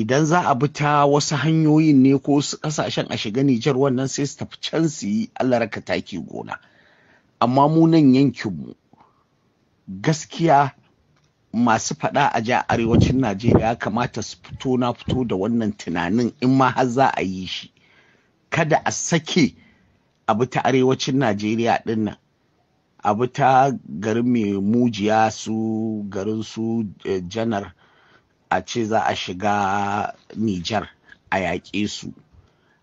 idan za a bi ta wasu hanyoyin ne ko su kasashen a shiga Nijar wannan sai su tafi can su yi Allah taki gona amma mu nan yankin gaskiya masu faɗa a ja arewacin Najeriya kamata su fito na fito da wannan tunanin in ma har za a yi shi kada a sake abu ta arewacin Najeriya ɗin nan bi ta garin mai mujiya su garin su eh, janar a ce za a shiga Nijar a yaƙe su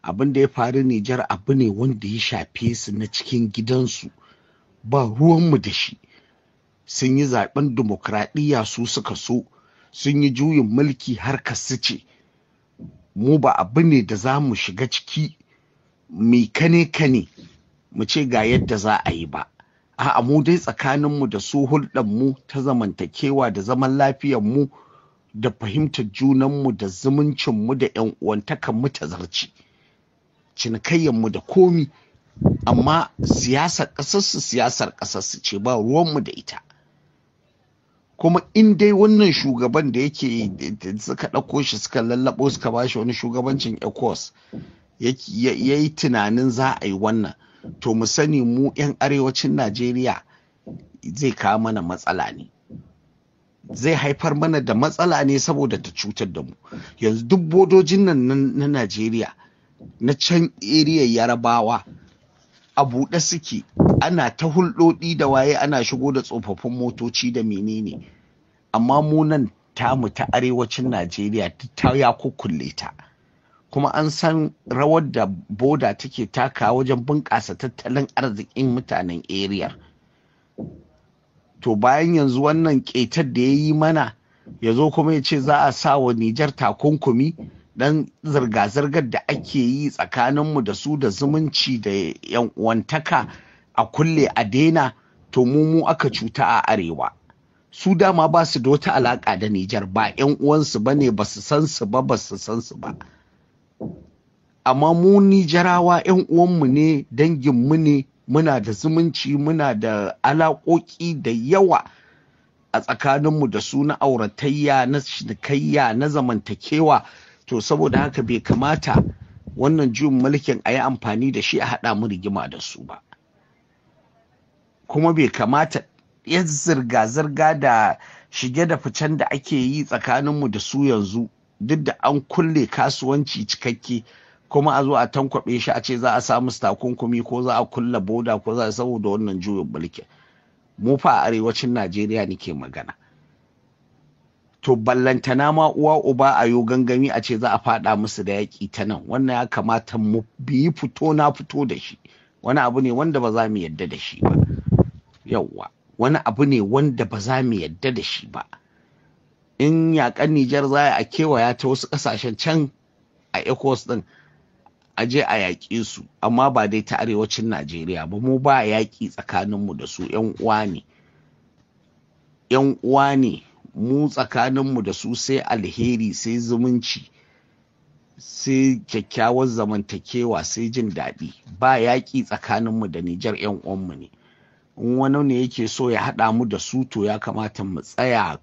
abin da ya faru Nijar abu ne wanda ya shafe su na cikin gidansu ba ruwanmu da shi sun yi zaɓen dimokuraɗiyya su suka so sun yi juyin mulki har su ce mu ba abu ne da za mu shiga ciki mai kane kane mu ce ga yadda za a yi ba a'a mu dai tsakaninmu da su hulɗanmu ta zamantakewa da zaman lafiyarmu mu da fahimtar junanmu da zumuncinmu da 'yan mu ta zarci cinikayyarmu da komi amma siyasar ƙasarsu siyasar ƙasarsu ce ba ruwanmu da ita kuma in dai wannan shugaban da yake da suka ɗauko shi suka lallaɓo suka ba shi wani shugabancin ecos ya yi tunanin za a yi wannan to mu sani mu 'yan arewacin najeriya zai kawo mana matsala ne zai haifar mana da matsala ne saboda ta cutar da mu yanzu duk bodojin nan na najeriya na can eriyar yarabawa a buɗe suke ana ta hulɗoɗi da waye ana shigo da tsofaffin motoci da menene amma mu nan tamu ta arewacin najeriya ta ya kukkulle ta kuma an san rawar da boda take takawa wajen bunƙasa tattalin arzikin mutanen eriyar to bayan yanzu wannan ƙetar da ya yi mana ya zo kuma ya ce za a sa wa nijar takunkumi dan zirga-zirgar da ake yi tsakaninmu da su da zumunci da yan uwantaka a kulle a daina to mu mu aka cuta a arewa su dama ba su da wata alaka da Nijar ba yan uwansu ba ne ba su san su ba ba su san su ba amma mu Nijarawa yan uwanmu ne danginmu ne muna da zumunci muna da alaƙoƙi da yawa a tsakaninmu da su na auratayya na cinikayya na zamantakewa to saboda haka bai kamata wannan juyin mulkin a yi amfani da shi a haɗa mu rigima da su ba kuma bai kamata ya zirga-zirga da shige da ficen da ake yi tsakaninmu da su yanzu duk da an kulle kasuwanci cikakke kuma a zo a tankwaɓe shi a ce za a samu takunkumi ko za a kulla boda ko za a saboda wannan juyin mulki mu fa a arewacin najeriya nake magana to ballantana ma uwa uba a yo gangami a ce za a faɗa musu da yaƙi ta nan wannan ya kamata mu biyi fito na fito da shi wani abu ne wanda ba za mu yadda da shi ba wani abu ne wanda ba za mu yadda da shi ba in yaƙan nijar za a kewaya ta wasu ƙasashen can a ecos ɗin a je a yaƙi su amma ba dai ta arewacin najeriya ba mu ba yaƙi tsakaninmu da su yan uwa ne uwa ne mu tsakaninmu da su sai alheri sai zumunci sai kyakkyawar zamantakewa sai jin daɗi ba yaƙi tsakaninmu da nijar yan uwanmu ne in wani ne yake so ya haɗa mu da su to ya kamata mu tsaya